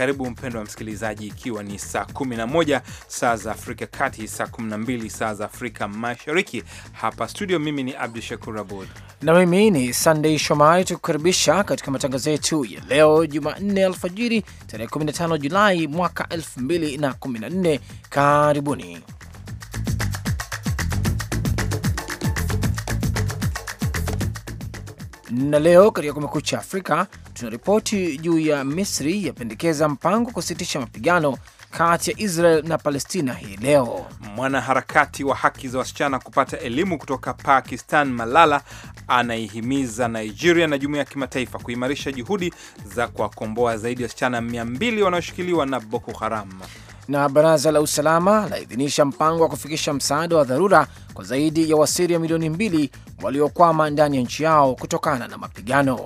Karibu mpendo wa msikilizaji, ikiwa ni saa 11 saa za Afrika Kati, saa 12 saa za Afrika Mashariki. Hapa studio, mimi ni Abdu Shakur Abud na mimi ni Sandei Shomari, tukukaribisha katika matangazo yetu ya leo Jumanne alfajiri tarehe 15 Julai mwaka 2014. Karibuni. Na leo katika Kumekucha Afrika tunaripoti juu ya Misri yapendekeza mpango kusitisha mapigano kati ya Israel na Palestina hii leo. Mwanaharakati wa haki za wasichana kupata elimu kutoka Pakistan, Malala, anaihimiza Nigeria na jumuiya ya kimataifa kuimarisha juhudi za kuwakomboa zaidi ya wasichana 200 wanaoshikiliwa na Boko Haram na baraza la usalama laidhinisha mpango wa kufikisha msaada wa dharura kwa zaidi ya wasiria milioni mbili waliokwama ndani ya nchi yao kutokana na mapigano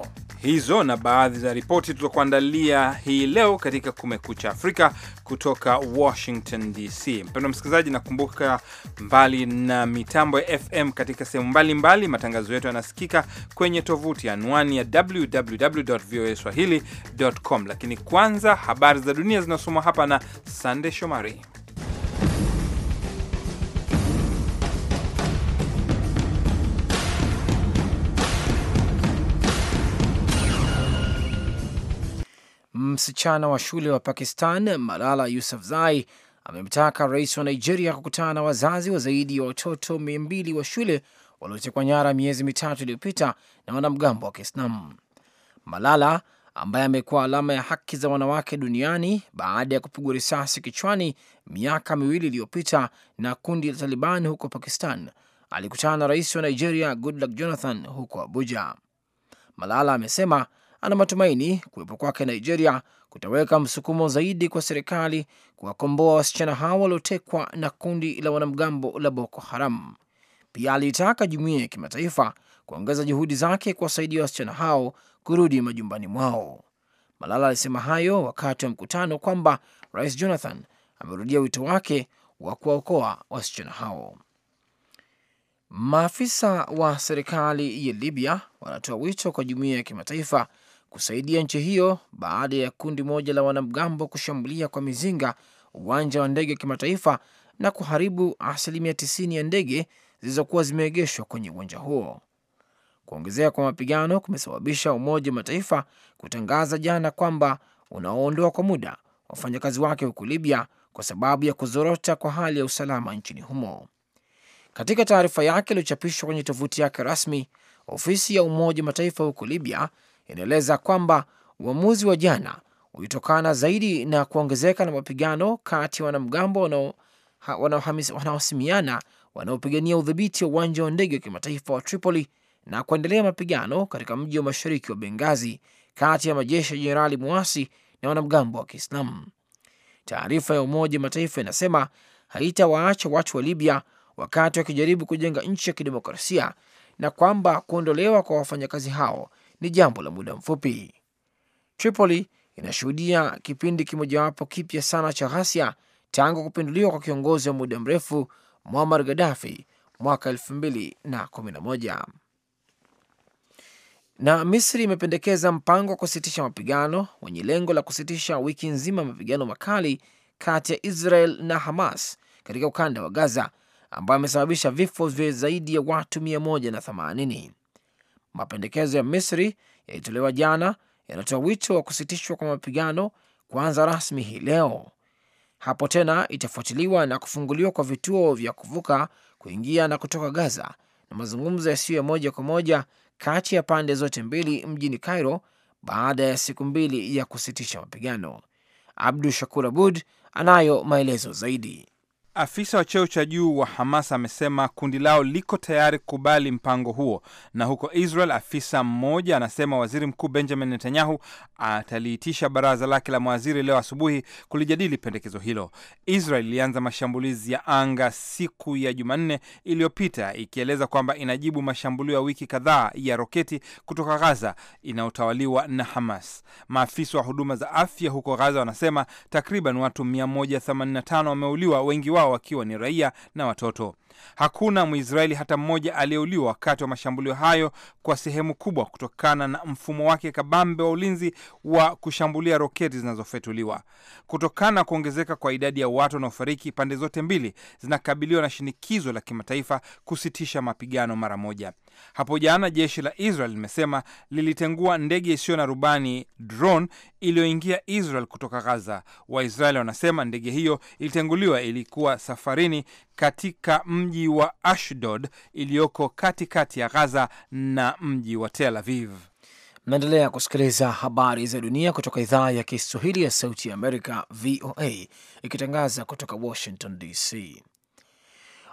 hizo na baadhi za ripoti tulizokuandalia hii leo katika Kumekucha Afrika kutoka Washington DC. Mpendwa msikilizaji, nakumbuka mbali na mitambo ya FM katika sehemu mbalimbali, matangazo yetu yanasikika kwenye tovuti anwani ya www voa swahili com. Lakini kwanza habari za dunia zinasomwa hapa na Sande Shomari. msichana wa shule wa Pakistan Malala Yousafzai amemtaka rais wa Nigeria kukutana na wazazi wa zaidi ya watoto mia mbili wa shule waliotekwa nyara miezi mitatu iliyopita na wanamgambo wa Kiislamu. Malala ambaye amekuwa alama ya haki za wanawake duniani baada ya kupigwa risasi kichwani miaka miwili iliyopita na kundi la Taliban huko Pakistan, alikutana na rais wa Nigeria Goodluck Jonathan huko Abuja. Malala amesema ana matumaini kuwepo kwake Nigeria kutaweka msukumo zaidi kwa serikali kuwakomboa wasichana hao waliotekwa na kundi la wanamgambo la Boko Haram. Pia aliitaka jumuiya ya kimataifa kuongeza juhudi zake kuwasaidia wasichana hao kurudi majumbani mwao. Malala alisema hayo wakati wa mkutano kwamba Rais Jonathan amerudia wito wake wa kuwaokoa wasichana hao. Maafisa wa serikali ya Libya wanatoa wito kwa jumuiya ya kimataifa kusaidia nchi hiyo baada ya kundi moja la wanamgambo kushambulia kwa mizinga uwanja wa ndege wa kimataifa na kuharibu asilimia 90 ya ndege zilizokuwa zimeegeshwa kwenye uwanja huo. kuongezea kwa mapigano kumesababisha Umoja wa Mataifa kutangaza jana kwamba unaoondoa kwa muda wafanyakazi wake huko Libya kwa sababu ya kuzorota kwa hali ya usalama nchini humo. Katika taarifa yake iliyochapishwa kwenye tovuti yake rasmi, ofisi ya Umoja wa Mataifa huko Libya inaeleza kwamba uamuzi wa jana ulitokana zaidi na kuongezeka na mapigano kati ya wanamgambo wanaosimiana wanaopigania udhibiti wa uwanja wa ndege wa kimataifa wa Tripoli na kuendelea mapigano katika mji wa mashariki wa Bengazi kati ya majeshi ya jenerali muasi na wanamgambo wa Kiislamu. Taarifa ya Umoja Mataifa inasema haitawaacha watu wa Libya wakati wakijaribu kujenga nchi ya kidemokrasia na kwamba kuondolewa kwa wafanyakazi hao ni jambo la muda mfupi. Tripoli inashuhudia kipindi kimojawapo kipya sana cha ghasia tangu kupinduliwa kwa kiongozi wa muda mrefu Muammar Gaddafi mwaka 2011. Na Misri imependekeza mpango wa kusitisha mapigano wenye lengo la kusitisha wiki nzima ya mapigano makali kati ya Israel na Hamas katika ukanda wa Gaza ambayo amesababisha vifo vya zaidi ya watu 180. Mapendekezo ya Misri yalitolewa jana, yanatoa wito wa kusitishwa kwa mapigano kuanza rasmi hii leo. Hapo tena itafuatiliwa na kufunguliwa kwa vituo vya kuvuka kuingia na kutoka Gaza na mazungumzo yasiyo ya moja kwa moja kati ya pande zote mbili mjini Cairo baada ya siku mbili ya kusitisha mapigano. Abdu Shakur Abud anayo maelezo zaidi. Afisa wa cheo cha juu wa Hamas amesema kundi lao liko tayari kukubali mpango huo, na huko Israel afisa mmoja anasema waziri mkuu Benjamin Netanyahu ataliitisha baraza lake la mawaziri leo asubuhi kulijadili pendekezo hilo. Israel ilianza mashambulizi ya anga siku ya Jumanne iliyopita ikieleza kwamba inajibu mashambulio ya wiki kadhaa ya roketi kutoka Gaza inayotawaliwa na Hamas. Maafisa wa huduma za afya huko Gaza wanasema takriban watu 185 wameuliwa, wengi wao wao wakiwa ni raia na watoto. Hakuna Mwisraeli hata mmoja aliyeuliwa wakati wa mashambulio hayo, kwa sehemu kubwa kutokana na mfumo wake kabambe wa ulinzi wa kushambulia roketi zinazofetuliwa. Kutokana na kuongezeka kwa idadi ya watu wanaofariki, pande zote mbili zinakabiliwa na shinikizo la kimataifa kusitisha mapigano mara moja. Hapo jana jeshi la Israel limesema lilitengua ndege isiyo na rubani drone iliyoingia Israel kutoka Gaza. Waisraeli wanasema ndege hiyo ilitenguliwa, ilikuwa safarini katika mji wa Ashdod iliyoko katikati ya Gaza na mji wa Tel Aviv. Mnaendelea kusikiliza habari za dunia kutoka idhaa ya Kiswahili ya Sauti ya Amerika, VOA, ikitangaza kutoka Washington DC.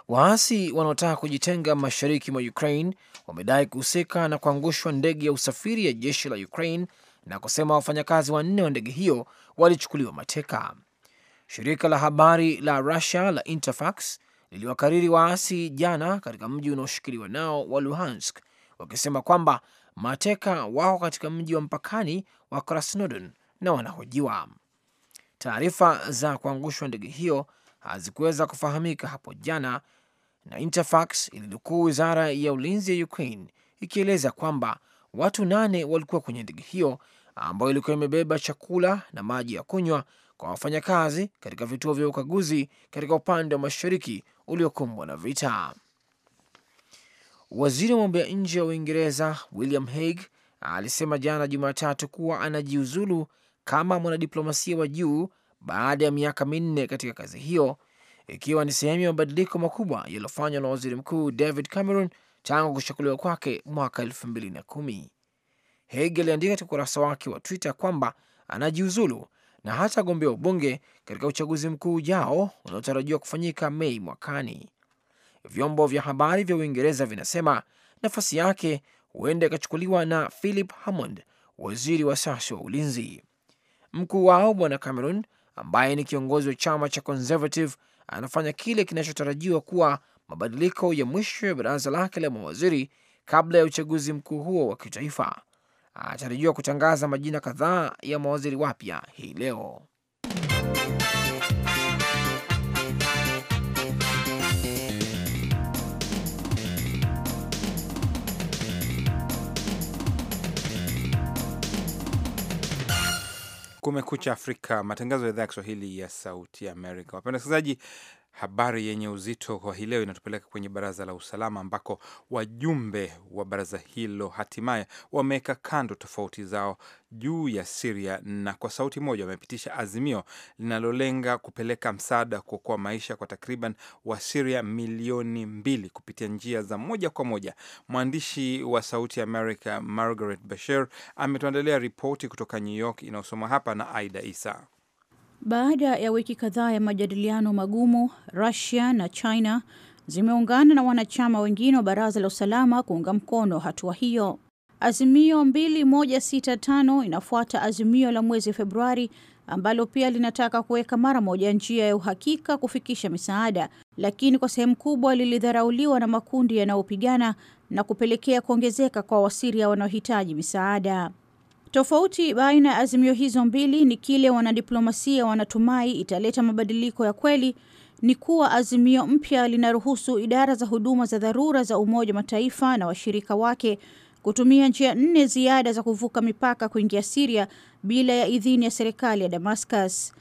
Waasi wanaotaka kujitenga mashariki mwa Ukraine wamedai kuhusika na kuangushwa ndege ya usafiri ya jeshi la Ukraine na kusema wafanyakazi wanne wa ndege hiyo walichukuliwa mateka. Shirika la habari la Russia la Interfax liliwakariri waasi jana katika mji unaoshikiliwa nao wa Luhansk wakisema kwamba mateka wako katika mji wa mpakani wa krasnodon na wanahojiwa. Taarifa za kuangushwa ndege hiyo hazikuweza kufahamika hapo jana, na Interfax ilinukuu wizara ya ulinzi ya Ukraine ikieleza kwamba watu nane walikuwa kwenye ndege hiyo ambayo ilikuwa imebeba chakula na maji ya kunywa kwa wafanyakazi katika vituo vya ukaguzi katika upande wa mashariki uliokumbwa na vita. Waziri wa mambo ya nje wa Uingereza William Hague alisema jana Jumatatu kuwa anajiuzulu kama mwanadiplomasia wa juu baada ya miaka minne katika kazi hiyo, ikiwa ni sehemu ya mabadiliko makubwa yaliyofanywa na waziri mkuu David Cameron tangu kuchaguliwa kwake mwaka elfu mbili na kumi. Hague aliandika katika ukurasa wake wa Twitter kwamba anajiuzulu na hata gombea ubunge katika uchaguzi mkuu ujao unaotarajiwa kufanyika Mei mwakani. Vyombo vya habari vya Uingereza vinasema nafasi yake huenda ikachukuliwa na Philip Hammond, waziri wa sasa wa ulinzi. Mkuu wao Bwana Cameron, ambaye ni kiongozi wa chama cha Conservative, anafanya kile kinachotarajiwa kuwa mabadiliko ya mwisho ya baraza lake la mawaziri kabla ya uchaguzi mkuu huo wa kitaifa atarajiwa kutangaza majina kadhaa ya mawaziri wapya hii leo. Kumekucha Afrika, matangazo ya idhaa ya Kiswahili ya Sauti Amerika. Wapenda wasikilizaji, Habari yenye uzito kwa hii leo inatupeleka kwenye baraza la usalama ambako wajumbe wa baraza hilo hatimaye wameweka kando tofauti zao juu ya Siria na kwa sauti moja wamepitisha azimio linalolenga kupeleka msaada kuokoa maisha kwa takriban wa siria milioni mbili kupitia njia za moja kwa moja. Mwandishi wa Sauti ya Amerika Margaret Bashir ametuandalia ripoti kutoka New York inayosoma hapa na Aida Isa. Baada ya wiki kadhaa ya majadiliano magumu, Rusia na China zimeungana na wanachama wengine wa Baraza la Usalama kuunga mkono hatua hiyo. Azimio 2165 inafuata azimio la mwezi Februari ambalo pia linataka kuweka mara moja njia ya uhakika kufikisha misaada, lakini kwa sehemu kubwa lilidharauliwa na makundi yanayopigana na kupelekea kuongezeka kwa wasiria wanaohitaji misaada. Tofauti baina ya azimio hizo mbili ni kile wanadiplomasia wanatumai italeta mabadiliko ya kweli ni kuwa azimio mpya linaruhusu idara za huduma za dharura za Umoja wa Mataifa na washirika wake kutumia njia nne ziada za kuvuka mipaka kuingia Siria bila ya idhini ya serikali ya Damascus.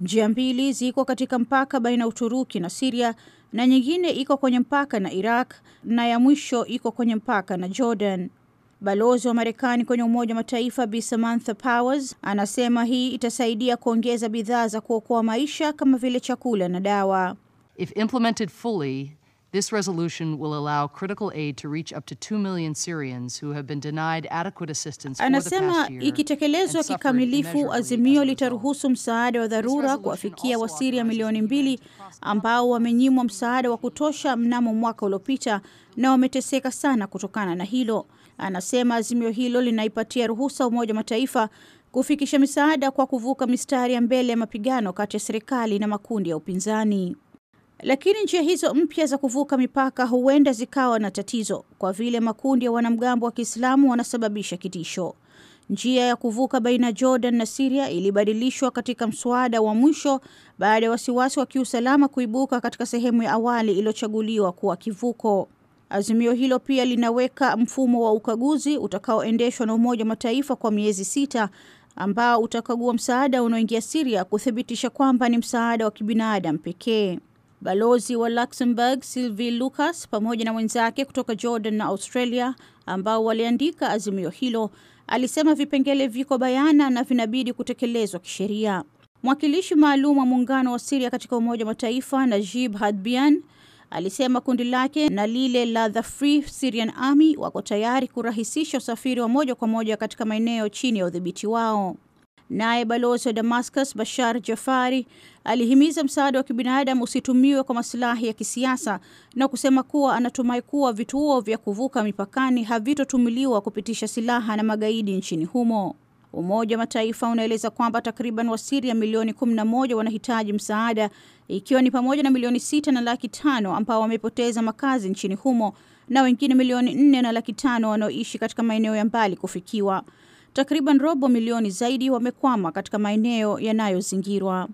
Njia mbili ziko katika mpaka baina ya Uturuki na Siria na nyingine iko kwenye mpaka na Iraq na ya mwisho iko kwenye mpaka na Jordan. Balozi wa Marekani kwenye Umoja wa Mataifa Bi Samantha Powers anasema hii itasaidia kuongeza bidhaa za kuokoa maisha kama vile chakula na dawa. If implemented fully, this resolution will allow critical aid to reach up to 2 million Syrians who have been denied adequate assistance. Anasema ikitekelezwa kikamilifu, azimio litaruhusu msaada wa dharura kuwafikia Wasiria milioni mbili ambao wamenyimwa msaada wa kutosha mnamo mwaka uliopita na wameteseka sana kutokana na hilo anasema azimio hilo linaipatia ruhusa Umoja wa Mataifa kufikisha misaada kwa kuvuka mistari ya mbele ya mapigano kati ya serikali na makundi ya upinzani. Lakini njia hizo mpya za kuvuka mipaka huenda zikawa na tatizo kwa vile makundi ya wanamgambo wa Kiislamu wanasababisha kitisho. Njia ya kuvuka baina ya Jordan na Siria ilibadilishwa katika mswada wa mwisho baada ya wasiwasi wa kiusalama kuibuka katika sehemu ya awali iliyochaguliwa kuwa kivuko. Azimio hilo pia linaweka mfumo wa ukaguzi utakaoendeshwa na Umoja wa Mataifa kwa miezi sita ambao utakagua msaada unaoingia Siria kuthibitisha kwamba ni msaada wa kibinadamu pekee. Balozi wa Luxembourg Sylvie Lucas pamoja na wenzake kutoka Jordan na Australia ambao waliandika azimio hilo, alisema vipengele viko bayana na vinabidi kutekelezwa kisheria. Mwakilishi maalum wa muungano wa Siria katika Umoja wa Mataifa Najib Hadbian Alisema kundi lake na lile la The Free Syrian Army wako tayari kurahisisha usafiri wa moja kwa moja katika maeneo chini ya udhibiti wao. Naye balozi wa Damascus Bashar Jafari alihimiza msaada wa kibinadamu usitumiwe kwa masilahi ya kisiasa na kusema kuwa anatumai kuwa vituo vya kuvuka mipakani havitotumiliwa kupitisha silaha na magaidi nchini humo. Umoja wa Mataifa unaeleza kwamba takriban Wasiria milioni 11 wanahitaji msaada ikiwa ni pamoja na milioni sita na laki tano ambao wamepoteza makazi nchini humo na wengine milioni nne na laki tano wanaoishi katika maeneo ya mbali kufikiwa. Takriban robo milioni zaidi wamekwama katika maeneo yanayozingirwa.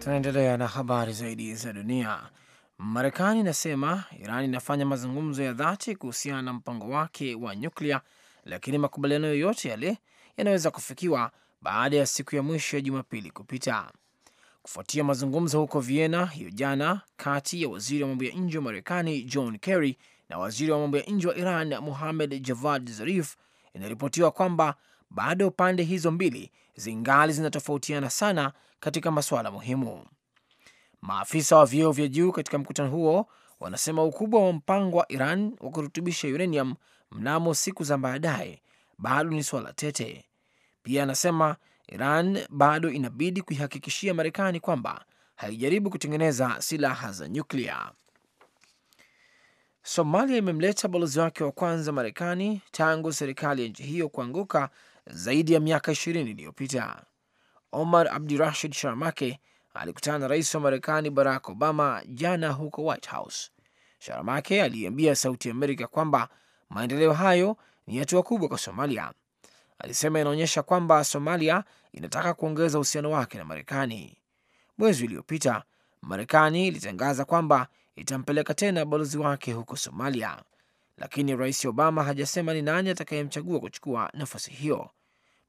Tunaendelea na habari zaidi za dunia. Marekani inasema Iran inafanya mazungumzo ya dhati kuhusiana na mpango wake wa nyuklia, lakini makubaliano yoyote yale yanaweza kufikiwa baada ya siku ya mwisho ya Jumapili kupita kufuatia mazungumzo huko Vienna hiyo jana kati ya waziri wa mambo ya nje wa Marekani John Kerry na waziri wa mambo ya nje wa Iran muhamed Javad Zarif. Inaripotiwa kwamba bado pande hizo mbili zingali zinatofautiana sana katika masuala muhimu. Maafisa wa vyeo vya juu katika mkutano huo wanasema ukubwa wa mpango wa Iran wa kurutubisha uranium mnamo siku za baadaye bado ni swala tete. Pia anasema Iran bado inabidi kuihakikishia Marekani kwamba haijaribu kutengeneza silaha za nyuklia. Somalia imemleta balozi wake wa kwanza Marekani tangu serikali ya nchi hiyo kuanguka zaidi ya miaka ishirini iliyopita. Omar Abdirashid Sharmake alikutana na rais wa Marekani Barack Obama jana huko White House. Sharamake aliiambia Sauti Amerika kwamba maendeleo hayo ni hatua kubwa kwa Somalia. Alisema inaonyesha kwamba Somalia inataka kuongeza uhusiano wake na Marekani. Mwezi uliopita, Marekani ilitangaza kwamba itampeleka tena balozi wake huko Somalia, lakini rais Obama hajasema ni nani atakayemchagua kuchukua nafasi hiyo.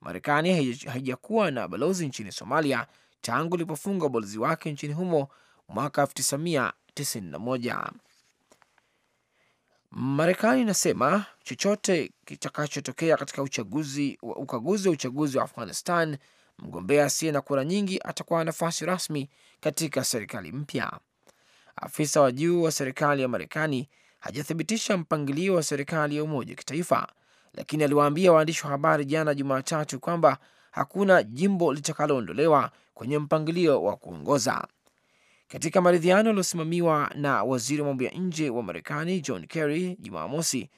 Marekani haijakuwa na balozi nchini Somalia tangu ilipofunga ubalozi wake nchini humo mwaka 1991. Marekani inasema chochote kitakachotokea katika uchaguzi, ukaguzi wa uchaguzi wa Afghanistan, mgombea asiye na kura nyingi atakuwa na nafasi rasmi katika serikali mpya. Afisa wa juu wa serikali ya Marekani hajathibitisha mpangilio wa serikali ya umoja wa kitaifa, lakini aliwaambia waandishi wa habari jana Jumatatu kwamba hakuna jimbo litakaloondolewa kwenye mpangilio wa kuongoza. Katika maridhiano yaliyosimamiwa na waziri wa mambo ya nje wa Marekani John Kerry Jumamosi,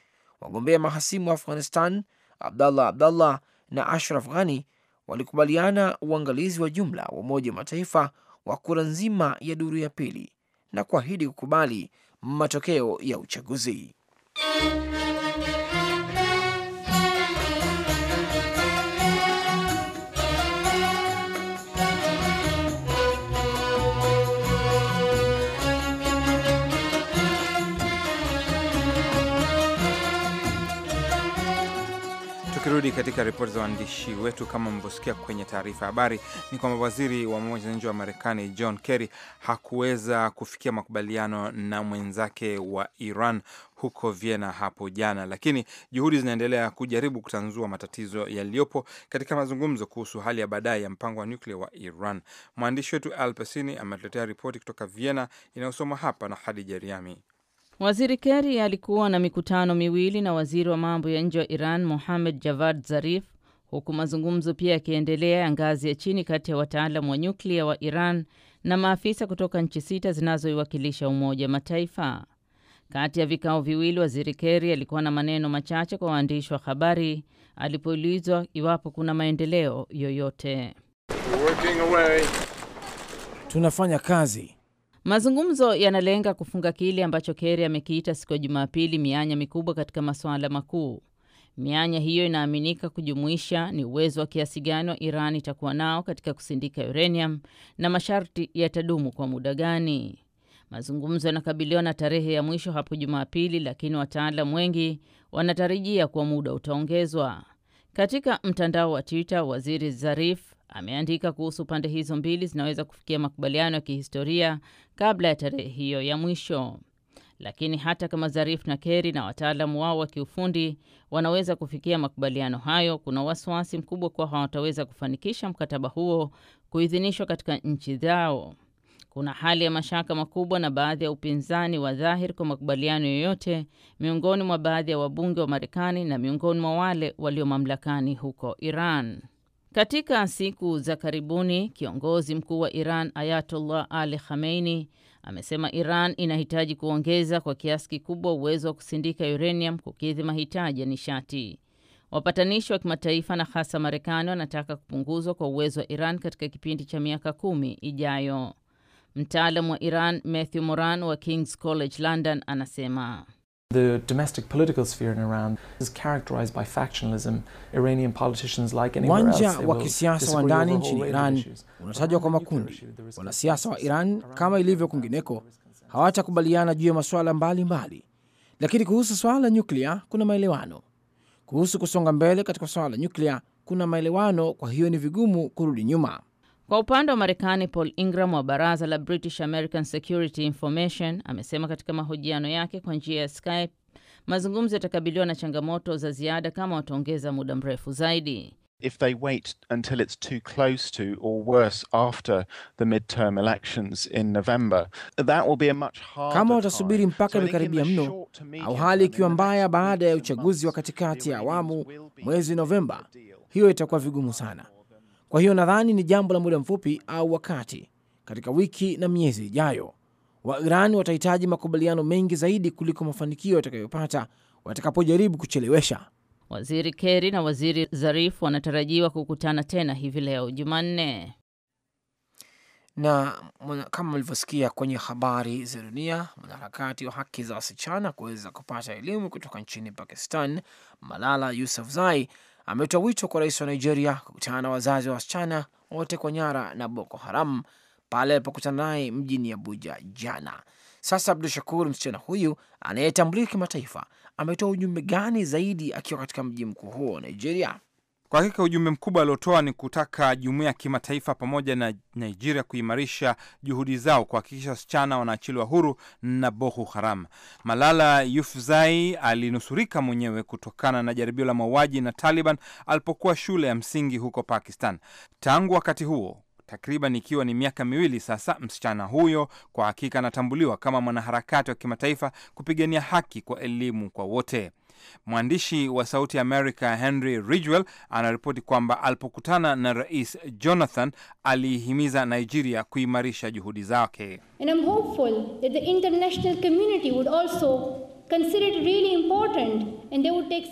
wagombea mahasimu wa Afghanistan Abdallah Abdallah na Ashraf Ghani walikubaliana uangalizi wa jumla wa Umoja wa Mataifa wa kura nzima ya duru ya pili na kuahidi kukubali matokeo ya uchaguzi. Tukirudi katika ripoti za waandishi wetu, kama mlivyosikia kwenye taarifa habari, ni kwamba waziri wa mambo ya nje wa Marekani John Kerry hakuweza kufikia makubaliano na mwenzake wa Iran huko Vienna hapo jana, lakini juhudi zinaendelea kujaribu kutanzua matatizo yaliyopo katika mazungumzo kuhusu hali ya baadaye ya mpango wa nyuklia wa Iran. Mwandishi wetu Al Pesini ametuletea ripoti kutoka Vienna inayosoma hapa na Hadija Riami. Waziri Kerry alikuwa na mikutano miwili na waziri wa mambo ya nje wa Iran Mohamed Javad Zarif, huku mazungumzo pia yakiendelea ya ngazi ya chini kati ya wataalamu wa nyuklia wa Iran na maafisa kutoka nchi sita zinazoiwakilisha Umoja wa Mataifa. Kati ya vikao viwili, waziri Kerry alikuwa na maneno machache kwa waandishi wa habari alipoulizwa iwapo kuna maendeleo yoyote. Tunafanya kazi Mazungumzo yanalenga kufunga kile ambacho Kerry amekiita siku ya Jumapili mianya mikubwa katika masuala makuu. Mianya hiyo inaaminika kujumuisha ni uwezo wa kiasi gani wa Iran itakuwa nao katika kusindika uranium na masharti yatadumu kwa muda gani. Mazungumzo yanakabiliwa na tarehe ya mwisho hapo Jumapili, lakini wataalam wengi wanatarajia kuwa muda utaongezwa. Katika mtandao wa Twitter, Waziri Zarif Ameandika kuhusu pande hizo mbili zinaweza kufikia makubaliano ya kihistoria kabla ya tarehe hiyo ya mwisho. Lakini hata kama Zarif na keri na wataalamu wao wa kiufundi wanaweza kufikia makubaliano hayo, kuna wasiwasi mkubwa kuwa hawataweza kufanikisha mkataba huo kuidhinishwa katika nchi zao. Kuna hali ya mashaka makubwa na baadhi ya upinzani wa dhahir kwa makubaliano yoyote miongoni mwa baadhi ya wabunge wa Marekani na miongoni mwa wale walio mamlakani huko Iran. Katika siku za karibuni, kiongozi mkuu wa Iran Ayatollah Ali Khamenei amesema Iran inahitaji kuongeza kwa kiasi kikubwa uwezo wa kusindika uranium kukidhi mahitaji ya nishati. Wapatanishi wa kimataifa na hasa Marekani wanataka kupunguzwa kwa uwezo wa Iran katika kipindi cha miaka kumi ijayo. Mtaalamu wa Iran Matthew Moran wa King's College London anasema The domestic political sphere in Iran is characterized by factionalism. Iranian politicians like anywhere else. wa kisiasa wa ndani nchini Iran unatajwa kwa makundi. Wanasiasa wa Iran kama ilivyo kwingineko hawatakubaliana juu ya masuala mbalimbali, lakini kuhusu swala la nyuklia kuna maelewano. Kuhusu kusonga mbele katika swala la nyuklia kuna maelewano, kwa hiyo ni vigumu kurudi nyuma. Kwa upande wa Marekani, Paul Ingram wa baraza la British American Security Information amesema katika mahojiano yake kwa njia ya Skype mazungumzo yatakabiliwa na changamoto za ziada kama wataongeza muda mrefu zaidi. If they wait until it's too close to or worse after the midterm elections in November, that will be a much harder. Kama watasubiri mpaka imekaribia mno au hali ikiwa mbaya baada ya uchaguzi wa katikati ya awamu mwezi Novemba, hiyo itakuwa vigumu sana. Kwa hiyo nadhani ni jambo la muda mfupi au wakati, katika wiki na miezi ijayo Wairani watahitaji makubaliano mengi zaidi kuliko mafanikio watakayopata watakapojaribu kuchelewesha. Waziri Kerry na waziri Zarif wanatarajiwa kukutana tena hivi leo Jumanne. Na kama mlivyosikia kwenye habari za dunia, mwanaharakati wa haki za wasichana kuweza kupata elimu kutoka nchini Pakistan, Malala Yousafzai ametoa wito kwa rais wa Nigeria kukutana na wazazi wa wasichana kwa nyara na Boko Haram pale alipokutana naye mjini Abuja jana. Sasa Abdu Shakur, msichana huyu anayetambulika kimataifa, ametoa ujumbe gani zaidi akiwa katika mji mkuu huo wa Nigeria? Kwa hakika ujumbe mkubwa aliotoa ni kutaka jumuiya ya kimataifa pamoja na Nigeria kuimarisha juhudi zao kuhakikisha wasichana wanaachiliwa huru na Boko Haram. Malala Yousafzai alinusurika mwenyewe kutokana na jaribio la mauaji na Taliban alipokuwa shule ya msingi huko Pakistan. Tangu wakati huo takriban ikiwa ni miaka miwili sasa, msichana huyo kwa hakika anatambuliwa kama mwanaharakati wa kimataifa kupigania haki kwa elimu kwa wote. Mwandishi wa Sauti ya Amerika Henry Ridgwell anaripoti kwamba alipokutana na Rais Jonathan aliihimiza Nigeria kuimarisha juhudi zake.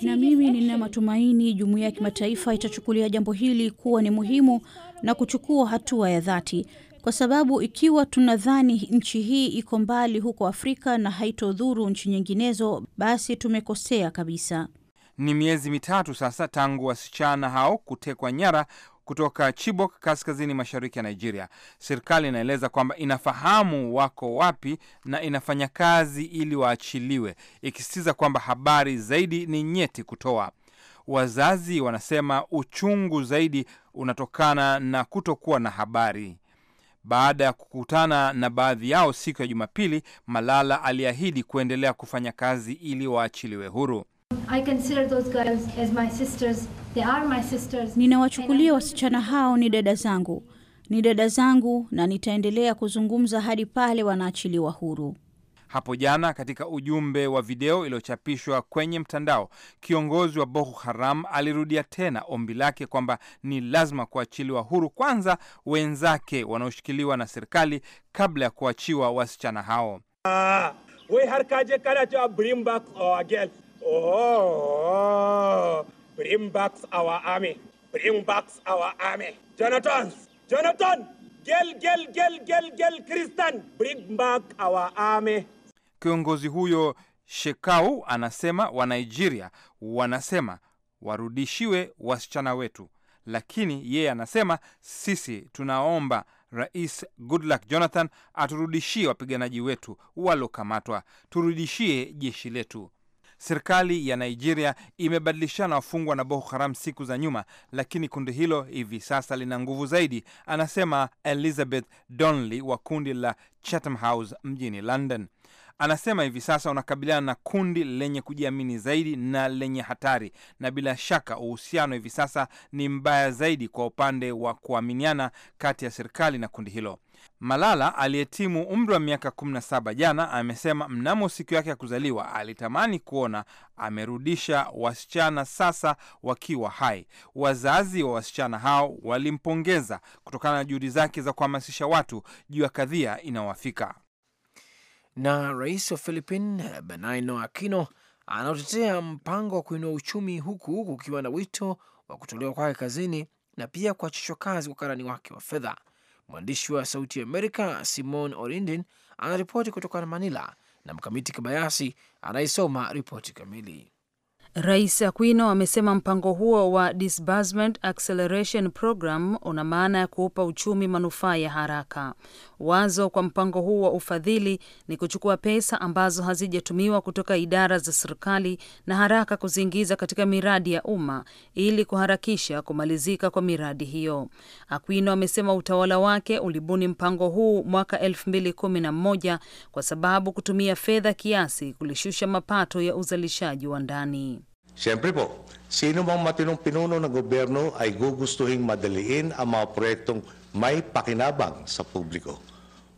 Na mimi nina matumaini jumuiya ya kimataifa itachukulia jambo hili kuwa ni muhimu na kuchukua hatua ya dhati kwa sababu ikiwa tunadhani nchi hii iko mbali huko Afrika na haitodhuru nchi nyinginezo, basi tumekosea kabisa. Ni miezi mitatu sasa tangu wasichana hao kutekwa nyara kutoka Chibok, kaskazini mashariki ya Nigeria. Serikali inaeleza kwamba inafahamu wako wapi na inafanya kazi ili waachiliwe, ikisisitiza kwamba habari zaidi ni nyeti kutoa. Wazazi wanasema uchungu zaidi unatokana na kutokuwa na habari. Baada ya kukutana na baadhi yao siku ya Jumapili, Malala aliahidi kuendelea kufanya kazi ili waachiliwe huru. Ninawachukulia wasichana hao ni dada zangu, ni dada zangu, na nitaendelea kuzungumza hadi pale wanaachiliwa huru. Hapo jana katika ujumbe wa video iliyochapishwa kwenye mtandao, kiongozi wa Boko Haram alirudia tena ombi lake kwamba ni lazima kuachiliwa huru kwanza wenzake wanaoshikiliwa na serikali kabla ya kuachiwa wasichana hao. Ah, we oh, Jonathan, Jonathan, Kiongozi huyo Shekau anasema wa nigeria wanasema warudishiwe wasichana wetu, lakini yeye anasema sisi tunaomba Rais Goodluck Jonathan aturudishie wapiganaji wetu waliokamatwa, turudishie jeshi letu. Serikali ya Nigeria imebadilishana wafungwa na Boko Haram siku za nyuma, lakini kundi hilo hivi sasa lina nguvu zaidi, anasema Elizabeth Donley wa kundi la Chatham House mjini London. Anasema hivi sasa unakabiliana na kundi lenye kujiamini zaidi na lenye hatari, na bila shaka uhusiano hivi sasa ni mbaya zaidi kwa upande wa kuaminiana kati ya serikali na kundi hilo. Malala aliyetimu umri wa miaka 17 jana amesema mnamo siku yake ya kuzaliwa alitamani kuona amerudisha wasichana sasa wakiwa hai. Wazazi wa wasichana hao walimpongeza kutokana na juhudi zake za kuhamasisha watu juu ya kadhia inawafika na rais wa Philippine Benigno Aquino anaotetea mpango wa kuinua uchumi huku kukiwa na wito wa kutolewa kwake kazini na pia kuachishwa kazi kwa karani wake wa fedha. Mwandishi wa Sauti ya Amerika Simon Orindin anaripoti kutoka Manila na Mkamiti Kibayasi anayesoma ripoti kamili. Rais Aquino amesema mpango huo wa Disbursement Acceleration Program una maana ya kuupa uchumi manufaa ya haraka. Wazo kwa mpango huu wa ufadhili ni kuchukua pesa ambazo hazijatumiwa kutoka idara za serikali na haraka kuziingiza katika miradi ya umma ili kuharakisha kumalizika kwa miradi hiyo. Aquino amesema utawala wake ulibuni mpango huu mwaka 2011 kwa sababu kutumia fedha kiasi kulishusha mapato ya uzalishaji wa ndani. Siyempre po, sino mang matinong pinuno ng gobyerno ay gugustuhin madaliin ang mga proyektong may pakinabang sa publiko.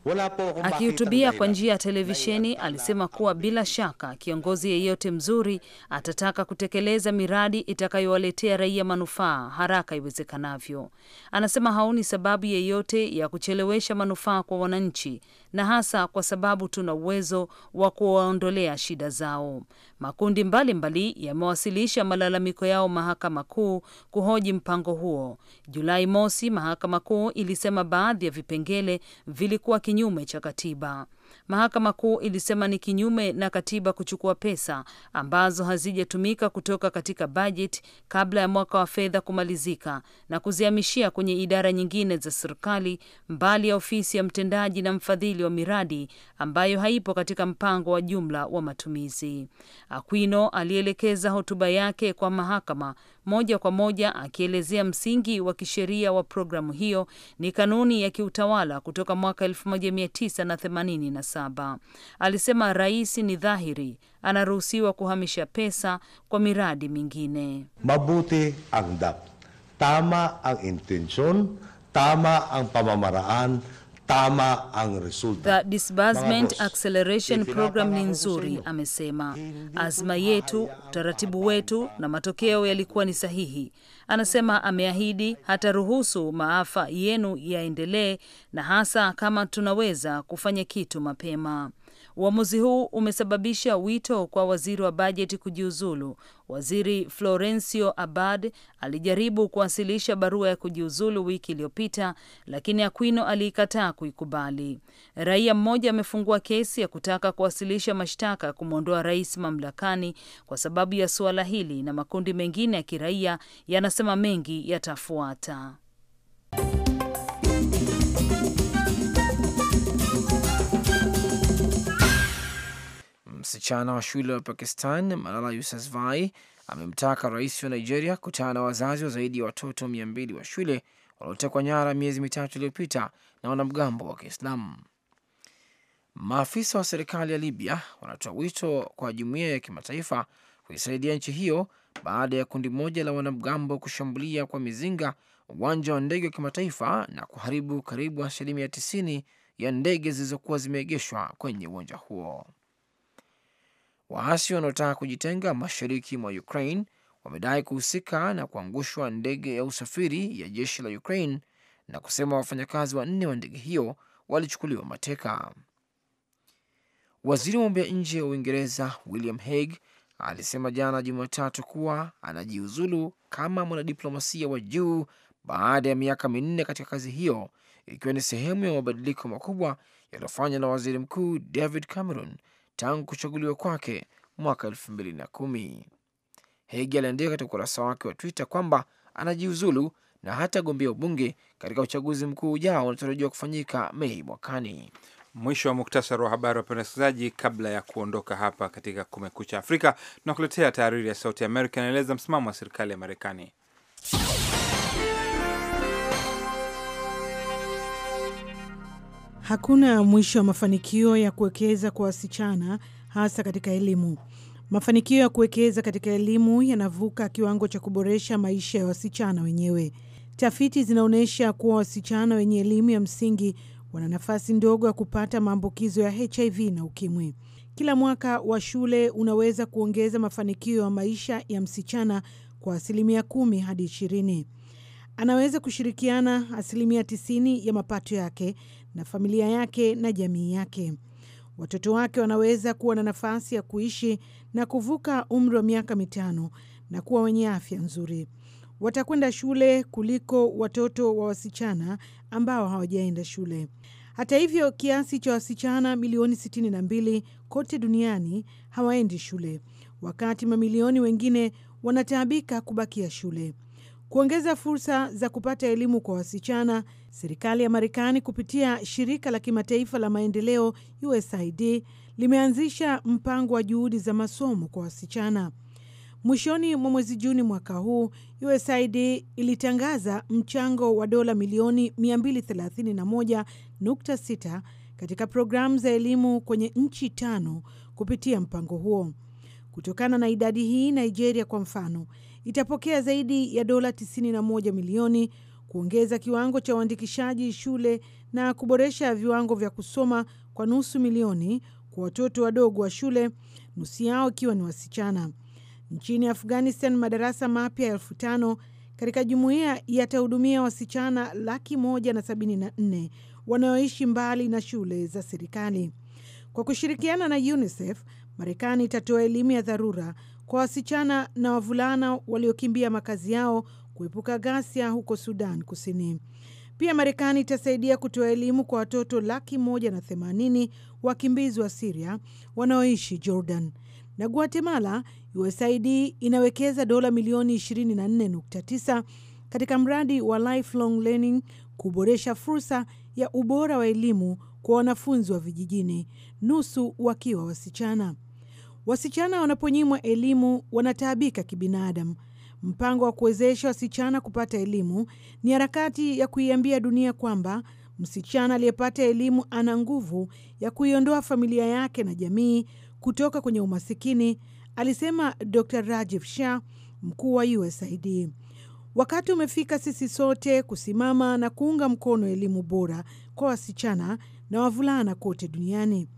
Wala po akong Akihutubia kwa njia ya televisheni alisema kuwa bila shaka kiongozi yeyote mzuri atataka kutekeleza miradi itakayowaletea raia manufaa haraka iwezekanavyo. Anasema haoni sababu yeyote ya kuchelewesha manufaa kwa wananchi na hasa kwa sababu tuna uwezo wa kuwaondolea shida zao. Makundi mbalimbali yamewasilisha malalamiko yao mahakama kuu kuhoji mpango huo. Julai mosi, mahakama kuu ilisema baadhi ya vipengele vilikuwa kinyume cha katiba. Mahakama Kuu ilisema ni kinyume na katiba kuchukua pesa ambazo hazijatumika kutoka katika bajeti kabla ya mwaka wa fedha kumalizika na kuzihamishia kwenye idara nyingine za serikali mbali ya ofisi ya mtendaji na mfadhili wa miradi ambayo haipo katika mpango wa jumla wa matumizi. Aquino alielekeza hotuba yake kwa mahakama moja kwa moja, akielezea msingi wa kisheria wa programu hiyo ni kanuni ya kiutawala kutoka mwaka 1987. Alisema rais ni dhahiri anaruhusiwa kuhamisha pesa kwa miradi mingine. Mabuti ang DAP, tama ang intensyon, tama ang pamamaraan tama ang resulta. The Disbursement Acceleration Program ni nzuri, amesema. Azma yetu, utaratibu wetu na matokeo yalikuwa ni sahihi. Anasema ameahidi hataruhusu maafa yenu yaendelee na hasa kama tunaweza kufanya kitu mapema. Uamuzi huu umesababisha wito kwa waziri wa bajeti kujiuzulu. Waziri Florencio Abad alijaribu kuwasilisha barua ya kujiuzulu wiki iliyopita, lakini Aquino aliikataa kuikubali. Raia mmoja amefungua kesi ya kutaka kuwasilisha mashtaka ya kumwondoa rais mamlakani kwa sababu ya suala hili, na makundi mengine ya kiraia yanasema mengi yatafuata. Msichana wa shule wa Pakistan Malala Yousafzai amemtaka rais wa Nigeria kutana na wazazi wa zaidi ya watoto mia mbili wa shule waliotekwa nyara miezi mitatu iliyopita na wanamgambo wa Kiislamu. Maafisa wa serikali ya Libya wanatoa wito kwa jumuiya ya kimataifa kuisaidia nchi hiyo baada ya kundi moja la wanamgambo kushambulia kwa mizinga uwanja wa ndege wa kimataifa na kuharibu karibu asilimia 90 ya ndege zilizokuwa zimeegeshwa kwenye uwanja huo. Waasi wanaotaka kujitenga mashariki mwa Ukraine wamedai kuhusika na kuangushwa ndege ya usafiri ya jeshi la Ukraine na kusema wafanyakazi wanne wa ndege hiyo walichukuliwa mateka. Waziri wa mambo ya nje wa Uingereza William Hague alisema jana Jumatatu kuwa anajiuzulu kama mwanadiplomasia wa juu baada ya miaka minne katika kazi hiyo, ikiwa ni sehemu ya mabadiliko makubwa yaliyofanywa na waziri mkuu David Cameron tangu kuchaguliwa kwake mwaka elfu mbili na kumi. Hegi aliandika katika ukurasa wake wa Twitter kwamba anajiuzulu na hata gombea ubunge katika uchaguzi mkuu ujao unatarajiwa kufanyika Mei mwakani. Mwisho wa muktasari wa habari, wapenda wasikilizaji. Kabla ya kuondoka hapa katika Kumekucha Afrika, tunakuletea taarifa ya Sauti Amerika inaeleza msimamo wa serikali ya Marekani. Hakuna mwisho wa mafanikio ya kuwekeza kwa wasichana, hasa katika elimu. Mafanikio ya kuwekeza katika elimu yanavuka kiwango cha kuboresha maisha ya wasichana wenyewe. Tafiti zinaonyesha kuwa wasichana wenye elimu ya msingi wana nafasi ndogo ya kupata maambukizo ya HIV na UKIMWI. Kila mwaka wa shule unaweza kuongeza mafanikio ya maisha ya msichana kwa asilimia kumi hadi ishirini. Anaweza kushirikiana asilimia tisini ya mapato yake na familia yake na jamii yake. Watoto wake wanaweza kuwa na nafasi ya kuishi na kuvuka umri wa miaka mitano na kuwa wenye afya nzuri. Watakwenda shule kuliko watoto wa wasichana ambao hawajaenda shule. Hata hivyo, kiasi cha wasichana milioni 62 kote duniani hawaendi shule, wakati mamilioni wengine wanataabika kubakia shule. Kuongeza fursa za kupata elimu kwa wasichana Serikali ya Marekani kupitia shirika la kimataifa la maendeleo USAID limeanzisha mpango wa juhudi za masomo kwa wasichana. Mwishoni mwa mwezi Juni mwaka huu, USAID ilitangaza mchango wa dola milioni 231.6 katika programu za elimu kwenye nchi tano kupitia mpango huo. Kutokana na idadi hii, Nigeria kwa mfano itapokea zaidi ya dola 91 milioni kuongeza kiwango cha uandikishaji shule na kuboresha viwango vya kusoma kwa nusu milioni kwa watoto wadogo wa shule, nusu yao ikiwa ni wasichana. Nchini Afghanistan, madarasa mapya elfu tano katika jumuiya yatahudumia wasichana laki moja na sabini na nne wanaoishi mbali na shule za serikali. Kwa kushirikiana na UNICEF, Marekani itatoa elimu ya dharura kwa wasichana na wavulana waliokimbia makazi yao kuepuka ghasia huko Sudan Kusini. Pia Marekani itasaidia kutoa elimu kwa watoto laki moja na themanini wakimbizi wa Siria wanaoishi Jordan na Guatemala. USAID inawekeza dola milioni 24.9 katika mradi wa lifelong learning kuboresha fursa ya ubora wa elimu kwa wanafunzi wa vijijini, nusu wakiwa wasichana. Wasichana wanaponyimwa elimu wanataabika kibinadamu, Mpango wa kuwezesha wasichana kupata elimu ni harakati ya kuiambia dunia kwamba msichana aliyepata elimu ana nguvu ya kuiondoa familia yake na jamii kutoka kwenye umasikini, alisema Dr Rajiv Shah, mkuu wa USAID. Wakati umefika sisi sote kusimama na kuunga mkono elimu bora kwa wasichana na wavulana kote duniani.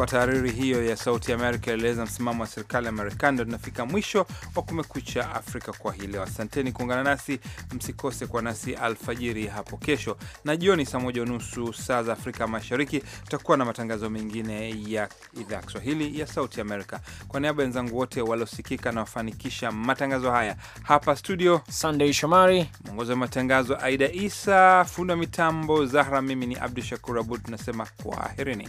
kwa tahariri hiyo ya Sauti Amerika ilieleza msimamo wa serikali ya Marekani. Ndo tunafika mwisho wa Kumekucha Afrika kwa hii leo. Asanteni kuungana nasi, msikose kwa nasi alfajiri hapo kesho na jioni saa moja unusu saa za Afrika Mashariki. Tutakuwa na matangazo mengine ya idhaa ya Kiswahili ya Sauti Amerika. Kwa niaba ya wenzangu wote waliosikika na wafanikisha matangazo haya hapa studio, Sandey Shomari mwongozi wa matangazo, Aida Isa fundi wa mitambo, Zahra, mimi ni Abdu Shakur Abud, tunasema kwaherini.